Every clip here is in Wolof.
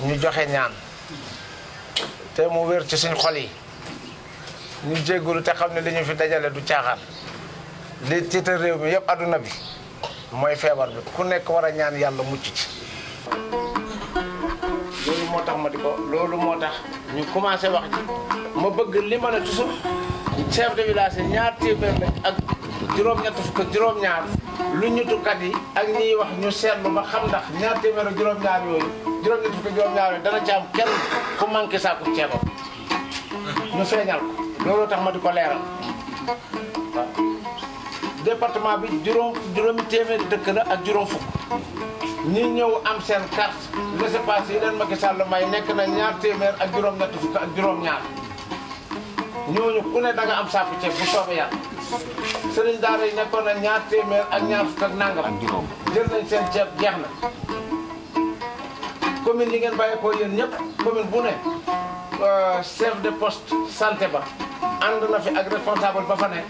ñu joxe ñaan te mu wér ci suñ xol yi ñu jéggulu te xam ne li ñu fi dajale du caaxaan li tiita réew mi yëpp adduna bi mooy feebar bi ku nekk war a ñaan yàlla mucc ci loolu moo tax ma di ko loolu moo tax ñu commencé wax ci ma bëgg li ma ne toujours chef de village ñaar téeméer lañ ak juróom fukk ak juróom-ñaar lu ñutukat yi ak ñiy wax ñu seetlu ba xam ndax ñaar téeméer ak juróom-ñaar yooyu juróom ñaar yooyu dana ci am kenn ku manqué saaku ceebam ñu feeñal ko looloo tax ma di ko leeral waaw département bi juróom juróomi téeméer dëkk na ak juróom fukk ñi ñëw am seen carte laissez-passer yi leen Macky Sall may nekk na ñaar téeméer ak juróom-ñett ak juróom-ñaar ñooñu ku ne danga am saaku ceeb bu soobee sëriñ daara yi nekkoon na ñaar téeméer ak ñaar fukk ak nangam. ak juróom jël nañ seen ceeb jeex na. commune yi ngeen bàyyeekoo yen ñëpp commune bu ne euh, chef de poste santé ba ànd na fi ak responsable ba fa ne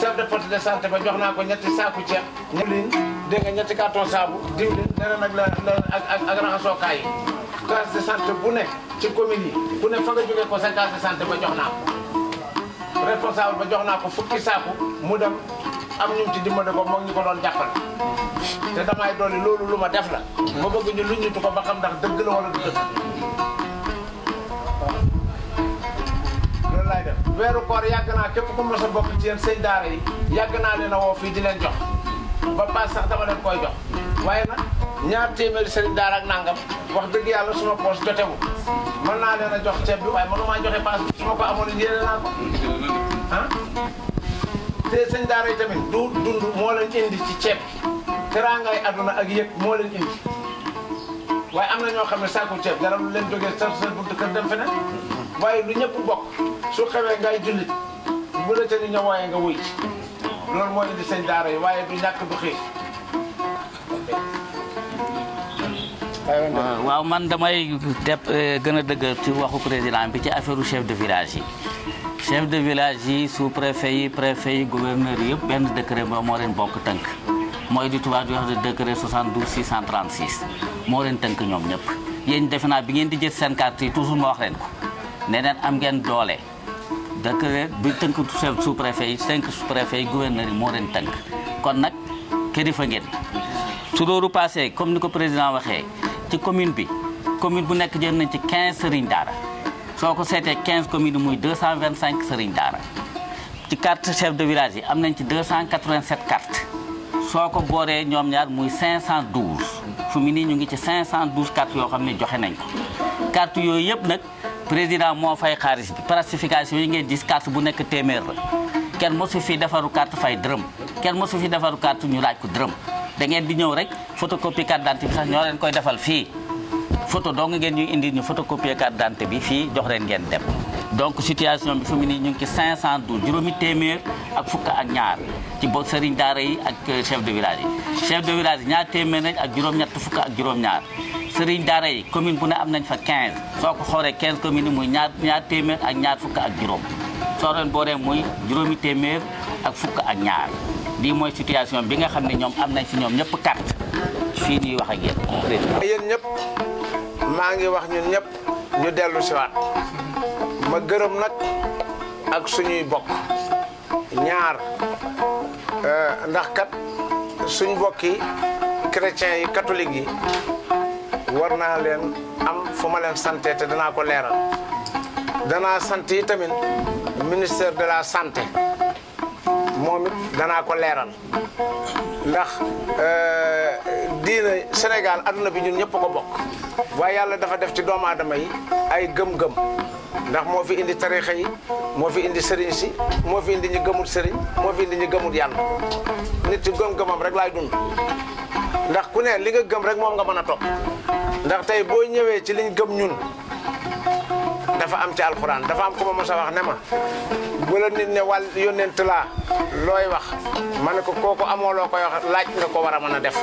chef de poste de santé ba jox naa ko ñetti saaku ceeb. diwlin dégg nga ñetti carton saabu diwlin leneen ak leneen ak ak ak raxasookaay yi. case de santé bu ne ci commune yi bu ne fa nga jógee ko sa case de santé ba jox naa ko. responsable ba jox naa ko fukki saaku mu dem am ñu ci dimbali ko moom ñu ko doon jàppal te damay doole loolu lu ma def la ma bëgg ñu luñu ñutu ko ba xam ndax dëgg la wala du dëgg loolu laay def weeru koor yàgg naa képp ku mos a bokk ci yéen sëñ daara yi yàgg naa leen a woo fii di leen jox ba paas sax dama leen koy jox waaye nag ñaar téeméeri sëriñ daara ak nangam wax dëgg yàlla suma poos jotewu mën naa leen a jox ceeb bi waaye mënumaa joxe paas bi su ma ko amoon yéene naa ko ah te sëñ daara tamit du dund moo leen indi ci ceeb teraangaay àdduna ak yëg moo leen indi waaye am na ñoo xam ne sàkku ceeb dara lu leen jógee sa sa buntu kër dem feneen waaye lu ñëpp bokk su xewee ngay jullit bu la ca ni ña waaye nga wuy loolu moo indi sëñ daara yi waaye du ñàkk du xiif Ah, waaw man damay dep eh, gëna a ci waxu président bi ci affaire chef de village yi chef de village yi sous préfet yi préfet yi gouverneur yi ben décret ba moo leen bokk tank moy di tuba di wax de décret 72 636 moo leen tank ñom ñep yeen defena bi ngeen di jël sen carte yi toujours mo wax leen ko ne leen am ngeen doole décret bi tënk chef sous préfet yi cinq sous préfet yi gouverneur yi mo leen tank kon nak kilifa ngeen su loolu passé comme ni ko président waxé ci commune bi commune bu nek jël nañ ci 15 serigne dara soko sété 15 commune muy 225 serigne dara ci carte chef de village am nañ ci 287 carte soko boré ñom ñaar muy 512 fu mu nii ñu ngi ci 512 carte yo xamné ne nañ ko carte yooyu yëpp nak président mo fay xaris bi plastification yi ngeen gis carte bu nek témèr la mo su fi defaru carte fay dërëm mo su fi defaru carte ñu laaj ko dërëm da ngeen di ñëw rek photocopie carte dant bi sax ñoo leen koy defal fii photo dong ngeen ñuy indi ñu photocopie carte d'identité bi fii jox leen geen dem donc situation bi fu mu nii ñu ngi ci 512 juróomi téeméer ak fukk ak ñaar ci boo sëriñ daara yi ak euh, chef de village yi chef de village ñaar téeméer nañ ak juróom-ñett fukk ak juróom-ñaar sëriñ daara yi commune bu ne am nañ fa 15 soo ko xoolee 15 communes yi muy ñaar ñaar téeméer ak ñaar fukk ak juróom soo ren booree muy juróomi téeméer ak fukk ak ñaar Di moy situation bi nga xam ñom am nañ ci ñom ñepp carte fi ñuy wax ak yeen yeen ñepp ma ngi wax ñun ñepp ñu delu ci waat ma gëreum nak ak suñuy bokk ñaar euh, ndax kat suñ bokki chrétien yi catholique yi war naa leen am fu ma leen santé te dana ko leeral dana santé tamit ministère de la santé moom it danaa ko leeral ndax euh, diina Sénégal adduna bi ñun ñëpp ko bokk waaye yàlla dafa def ci doomu aadama yi ay gëm-gëm ndax moo fi indi tarixa yi moo fi indi sëriñ si moo fi indi ñu gëmul sëriñ moo fi indi ñu gëmul yàlla nit ci gëm-gëmam rek laay dund ndax ku ne li nga gëm rek moom nga mën a topp ndax tey boo ñëwee ci liñ gëm ñun dafa am ci alquran dafa am kuma ma wax nema bu la nit ne wal yonent la loy wax man ko koko amo lo koy wax laaj nga ko wara def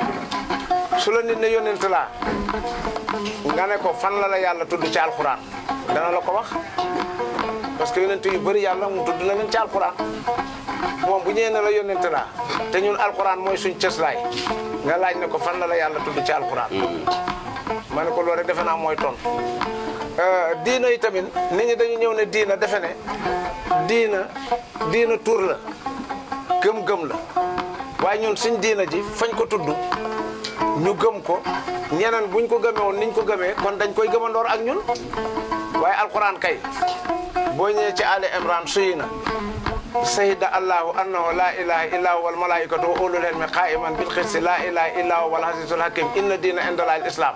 su la nit ne yonent la nga ne ko fan la la yalla tuddu ci alxuraan dana la ko wax parce que yonent yu bëri yalla mu tuddu na ngeen ci alquran mom bu ñëwee la yonent la te ñun moy suñu ciess lay nga laaj ne ko fan la la yalla tuddu ci alquran man mm. ko lo rek defena moy ton Euh, diina yi tamit nit ñi dañu ñëw ne diina defe ne diina diina tur la gëm-gëm la waaye ñun suñ diina ji fañ ko tudd ñu gëm ko ñeneen buñ ko gëmee woon niñ ko gëmee kon dañ koy gëmandoor ak ñun waaye alxuraan kay boo ñëwee ci Ali Imran suy na شهد الله انه لا اله الا هو والملائكه اولو العلم قائما بالقسط لا اله الا هو والعزيز الحكيم ان الدين عند الله الاسلام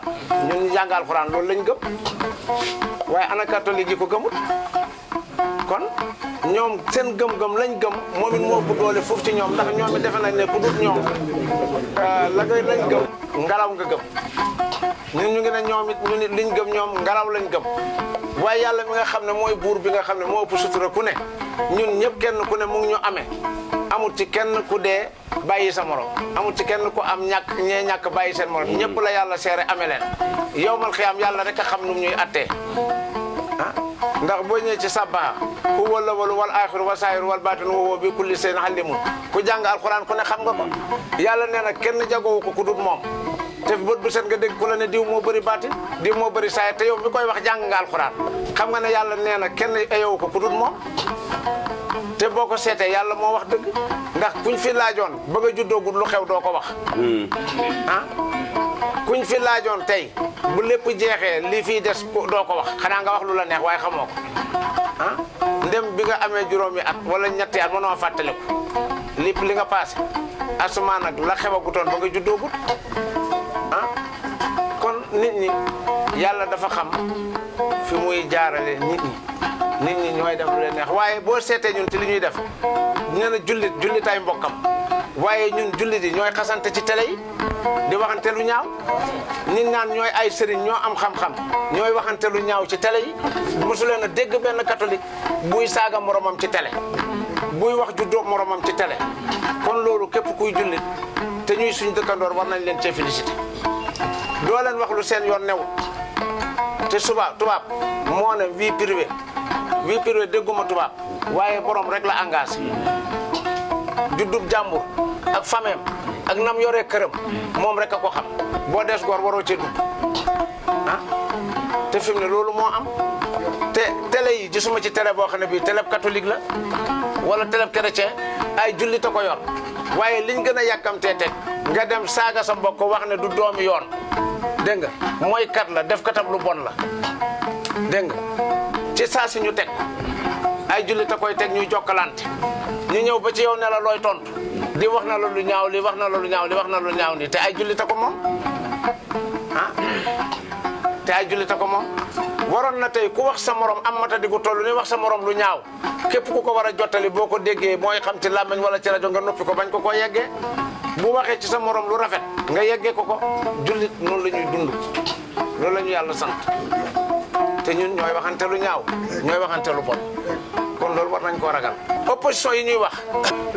ني جانغ القران لول لنج گم واي انا كاتوليكي كو گمت كون نيوم سن گم گم لنج گم مومن مو بوغول فوف تي نيوم داخ نيوم ديفنا ني كودوت نيوم لا گاي لنج گم ngalaw nga gëm ñun ñu ngi na ñoom it ñu nit liñ gëm ñoom ngalaw lañ gëm waaye yàlla mi nga xam ne mooy buur bi nga xam ne moo ëpp sutura ku ne ñun ñëpp kenn ku ne mu ngi ñu amee amul ci kenn ku dee bàyyi sa morom amul ci kenn ku am ñàkk ñee ñàkk bàyyi seen morom ñëpp la yàlla seere amee leen yowmal am yàlla rek a xam nu ñuy attee ah, ndax boo ñëwee ci sabbaha huwa lawalu wal axiru wa saahiru wal baatinu wa huwa bi kulli seen xalimun ku jàng alxuraan ku ne xam nga ko yàlla nee na kenn jagoowu ko ku dut moom te bët bu set nga dégg ku la ne diw moo bëri baatin diw moo bëri saay te yow mi koy wax jàng nga alxuraan xam nga ne yàlla nee na kenn ayow ko ku moom te boo ko seetee yàlla moo wax dëgg ndax kuñ fi laajoon ba nga juddoo juddoogul lu xew doo ko wax hmm. ah kuñ fi laajoon tey bu lépp jeexee lii fii des doo ko wax xanaa nga wax lu la neex waaye xamoo ko ah ndem bi nga amee juróomi at wala ñetti at mënoo fàttaliku lépp li nga passé asamaan ak la xewagutoon ba nga juddoogut nit ñi yàlla dafa xam fi muy jaarale nit ñi nit ñi ñooy def lu leen neex waaye boo seetee ñun ci li ñuy def nee na jullit jullitaay mbokkam waaye ñun jullit yi ñooy xasante ci tele yi di waxante lu ñaaw nit naan ñooy ay sëriñ ñoo am xam-xam ñooy waxante lu ñaaw ci tele yi mosu leen a dégg benn katolik buy saaga moromam ci tele buy wax ju doo moromam ci tele kon loolu képp kuy jullit te ñuy suñ dëkkandoor war nañ leen cee félicité doo leen wax lu seen yoon newut te suba tubaab moo ne vie privée vie privée dégguma tubaab waaye boroom rek la engagé juddub jàmbur ak fameem ak nam yoree këram moom rek a ko xam boo des góor waroo ci ah te fi ne loolu moo am te télé yi gisuma ci télé boo xam ne bii télé catholique la wala télé chrétien ay jullit a ko yor waaye liñ gën a yàkkamtee teg nga dem saaga sa ko wax ne du doomi yoon dégg nga mooy kat la def katam lu bon la dégg nga ci saa si ñu teg ay jullit koy teg ñuy jokkalante ñu ñëw ba ci yow ne la looy tontu di wax na la lu ñaaw li wax na la lu ñaaw li wax na lu ñaaw ni te ay jullit a ko moom ah? te ay jullit ko moom waroon na tey ku wax sa morom am mata di gu toll ni wax sa moroom lu ñaaw képp ku ko war a jottali boo ko déggee mooy xam ci làmmiñ wala ci rajo nga noppi ko bañ ko koo yeggee bu waxee ci sa morom lu rafet nga yeggee ko ko julit non lañuy dund loolu la yalla sant te ñun ñoy waxante lu ñaaw ñoy waxante lu bon kon lool war nañ ko ragal opposition yi ñuy wax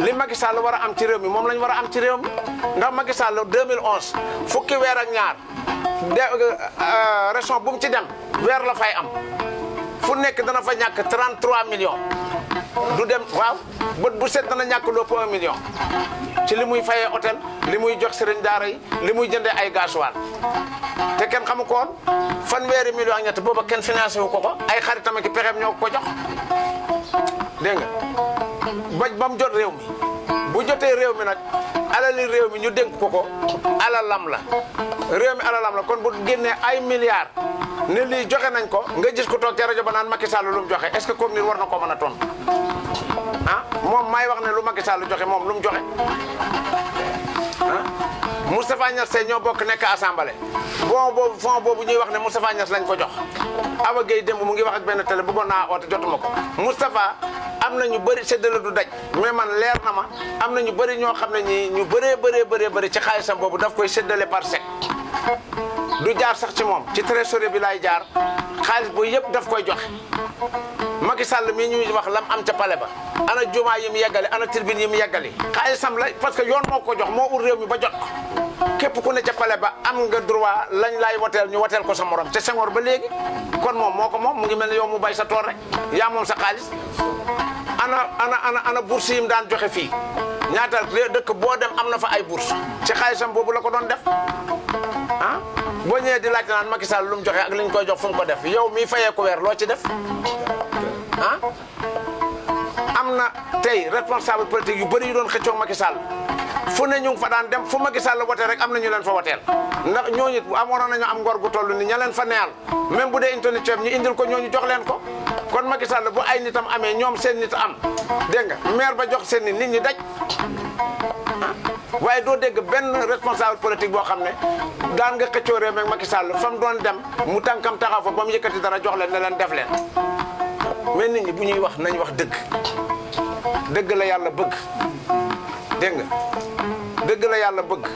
li Macky Sall wara am ci réew mi mom lañ wara am ci réew mi ndax Macky Sall 2011 fukki weer ak ñaar de euh, euh, région bu mu ci dem weer la fay am fu nekk dana fa ñàkk 33 millions du dem waaw bët bu set dana ñàkk lépp 1 million ci li muy fayee hôtel li muy jox sëriñ daara yi li muy jëndee ay gasoil te kenn xamu ko woon fanweeri million ak ñett booba kenn financé wu ko ko ay xaritam ak pexeem ñoo ko jox dégg nga baj ba mu jot réew mi bu jotee réew mi nag alali réew mi ñu dénk ko ko alalam la réew mi alalam la kon bu génnee ay milliards ne lii joxe nañ ko nga gis ko toog ca rajo ba naan Macky Sall lu joxe est-ce que comme ni war na ko mën a tontu moom maay wax ne lu Macky Sall joxe moom lu mu joxe ah Moustapha Niass ñoo bokk nekk assemblée bon boobu fond boobu ñuy wax ne Moustapha Niass lañ ko jox. Awa Gueye démb mu ngi wax ak benn télé bëggoon naa oote jotuma ko Moustapha am na ñu bëri séddale du daj mais man leer na ma am na ñu bëri ñoo xam ne ñi ñu bëree bëree bëree bëri ci xaalisam boobu daf koy séddale par chèque du jaar sax ci moom ci trésorier bi laay jaar xaalis bu yëpp daf koy joxe Macky Sall mii ñuy wax lam am ca pale ba ana jumaa yi mu yeggale ana tribune yi mu yeggale xaalisam la que yoon moo ko jox moo ut réew mi ba jot képp ku ne ca ba am nga droit lañ laay wateel ñu wateel ko sa moroom te Senghor ba léegi kon moom moo ko moom mu ngi mel ne yow mu bay sa tool rek yaa moom sa xaalis ana ana ana ana bourse yi mu daan joxe fii ñaata dëkk boo dem am na fa ay bourse ci xaalisam boobu la ko doon def ah boo ñëwee di laaj naan Macky Sall lum joxe ak li ñu koy jox fu ko def yow mii fayee ko weer loo ci def ah amna tay responsable politique yu bari yu don xëccok Macky Sall fu ne ñu fa daan dem fu Macky Sall wote rek amna ñu leen fa wotel ndax ñooñu amono nañu am ngor gu tollu ni ña leen fa neel même bu dé internet ci ñu indil ko ñu jox leen ko kon Macky Sall bu ay nitam amé ñom seen nit am dégg nga maire ba jox seen nit ñi daj ah, waye do dégg ben responsable politique bo xam daan nga xëccoo réew mi Macky Sall fam doon dem mu tankam taxaw fa ba mu dara jox leen ne leen def leen mais nit ñi bu ñuy wax nañ wax dëgg dëgg la yàlla bëgg dégg nga dëgg la yàlla bëgg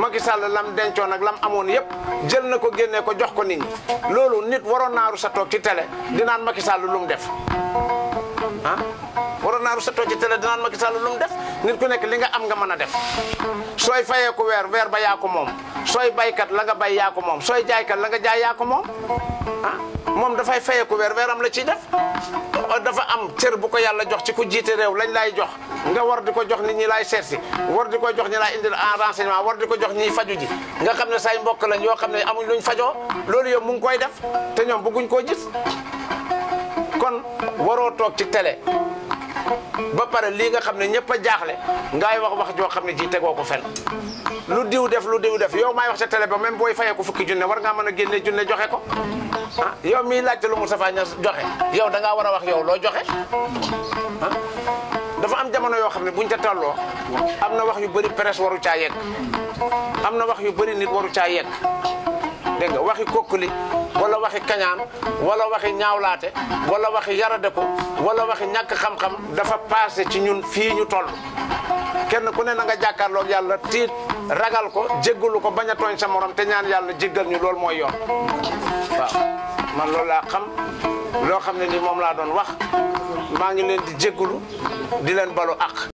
Macky Sall lam dencoon ak lam amoon yëpp jël na ko génnee ko jox ko nit ñi loolu nit waroon naaru sa toog ci tele dinaan Macky Sall lu lum def ah? la naaru sa toj ci télé dinaan Macky Sall lu mu def nit ku nekk li nga am nga mën a def sooy fayee ko weer weer ba yaa moom sooy baykat la nga bay yaa ko moom sooy jaaykat la nga jaay yaa moom ah, moom dafay fayee ko weer am la ciy def dafa am cër bu ko yàlla jox ci ku jiite réew lañ laay jox nga war di ko jox ni ñi laay seet si war di ko jox ñi laay indi la renseignement war di ko jox ñiy faju ji nga xam ne saay mbokk lañ yoo xam ne amuñ luñ fajoo loolu yow mu ngi koy def te ñoom bëgguñ koo gis kon waroo toog ci télé ba pare lii nga xam ne ñëpp a jaaxle ngay wax wax joo xam ne ji tegoo ko fen lu diw def lu diw def yow may wax sa télé ba même booy fayee ko fukki junne war ngaa mën a génne junne joxe ko ah yow miy laajte lu Moustapha Niass joxe yow da ngaa war a wax yow loo joxe ah dafa am jamono yoo xam ne buñ ca tolloo am na wax yu bëri presse waru caa yegg am na wax yu bëri nit waru caa yegg dégg nga waxi kokkuli wala waxi kañaan wala waxi ñaawlaate wala waxi yarade ko wala waxi ñàkk xam-xam dafa passé ci ñun fii ñu toll kenn ku ne na nga jàkkaarloog yàlla tiit ragal ko jéggalu ko bañ a tooñ sa morom te ñaan yàlla jéggal ñu loolu mooy yoon man loolu laa xam loo xam ne ni moom laa doon wax maa ngi leen di jéggalu di leen balu àq